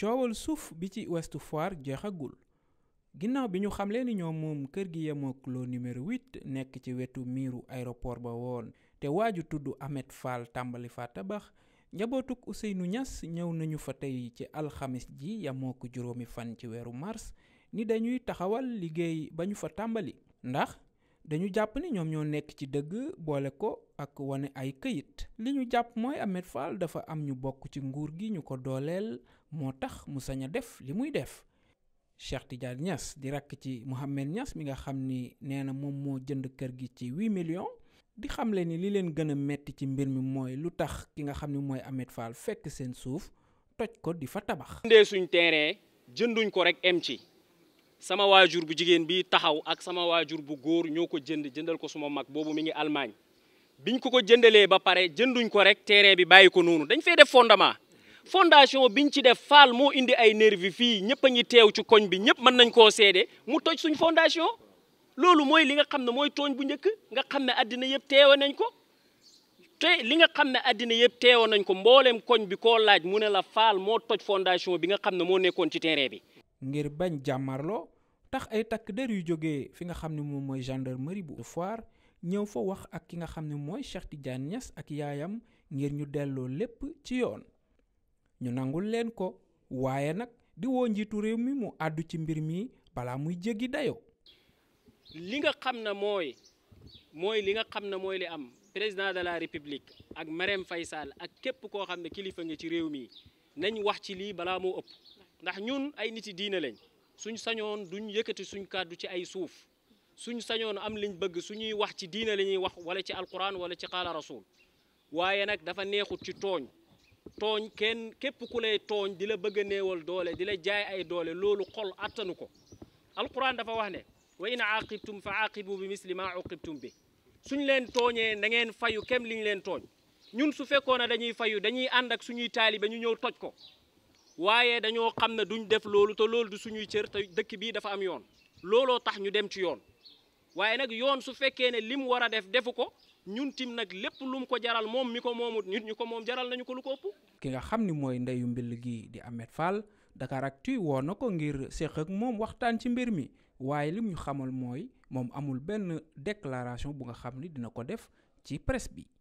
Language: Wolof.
coowal suuf bi ci Ouest Foire jeexagul ginnaaw bi ñu xamle ni ñoo moom kër gi yemook loo numéro 8 nekk ci wetu miiru aéroport ba woon te waaju tudd amet Fall tàmbali fa tabax njabootuk Ousseynou Niass ñëw nañu fa tey ci alxamis ji yemook juróomi fan ci weeru mars ni dañuy taxawal liggéey ba ñu fa tàmbali ndax dañu jàpp ni ñoom ñoo nekk ci dëgg boole ko ak wane ay kayit li ñu jàpp mooy Ahmed Fall dafa am ñu bokk ci nguur gi ñu ko dooleel moo tax mu sañ a def li muy def Cheikh Tidiane Niass di rakk ci Mohamed Niass mi nga xam ni nee na moom moo jënd kër gi ci 8 millions di xamle ni li leen gën a metti ci mbir mi mooy lu tax ki nga xam ni mooy Ahmed Fall fekk seen suuf toj ko di fa tabax. jëndee suñ terrain jënduñ ko rek em ci. sama waajur bu jigéen bi taxaw ak sama waajur bu góor ñëw ko jënd jëndal ko suma mag boobu mi ngi Allemagne biñ ko ko jëndalee ba pare jënduñ ko rek terrain bi bàyyi ko noonu dañ fee def fondement fondation biñ ci def faal moo indi ay nervi fii ñëpp a teew ci koñ bi ñëpp mën nañ koo seede mu toj suñ fondation loolu mooy li nga xam ne mooy tooñ bu njëkk nga xam ne addina yëpp teewe nañ ko te li nga xam ne addina yëpp teewoon nañ ko mbooleem koñ bi koo laaj mu ne la faal moo toj fondation bi nga xam ne moo nekkoon ci terrain bi ngir bañ jàmmarloo tax ay takk der yu jóge fi nga xam ne moom mooy gendarmerie bu Foire ñëw fa wax ak ki nga xam ne mooy Cheikh Tidiane Niass ak yaayam ngir ñu delloo lépp ci yoon ñu nangul leen ko waaye nag di woo njiitu réew mi mu àddu ci mbir mii balaa muy jéggi dayoo. li nga xam ne mooy mooy li nga xam ne mooy li am président de la république ak Marème Faye Sall ak képp koo xam ne kilifa ngi ci réew mi nañ wax ci lii balaa moo ëpp. ndax ñun ay nit yi diine lañ suñ sañoon duñ yëkkati suñ kàddu ci ay suuf suñ sañoon am liñ bëgg suñuy wax ci diine la ñuy wax wala ci alquran wala ci qaala rasul waaye nag dafa neexut ci tooñ tooñ kenn képp ku lay tooñ di la bëgg a doole di la jaay ay doole loolu xol attanu ko alquran dafa wax ne wa in aqibtum fa aqibu bi misli ma uqibtum bi suñ leen tooñee na ngeen fayu kem liñ leen tooñ ñun su fekkoon ne dañuy fayu dañuy ànd ak suñuy taalibe ñu ñëw toj ko waaye dañoo xam ne duñ def loolu te loolu du suñuy cër te dëkk bii dafa am yoon looloo tax ñu dem ci yoon waaye nag yoon su fekkee ne lim war a def defu ko ñun tim nag lépp lum ko jaral moom mi ko moomut nit ñi ko moom jaral nañu ko lu ko ëpp. ki nga xam ni mooy ndeyu mbill gi di Ahmed Fall Dakaractu woo na ko ngir séq ak moom waxtaan ci mbir mi waaye lim ñu xamal mooy moom amul benn déclaration bu nga xam ni dina ko def ci presse bi.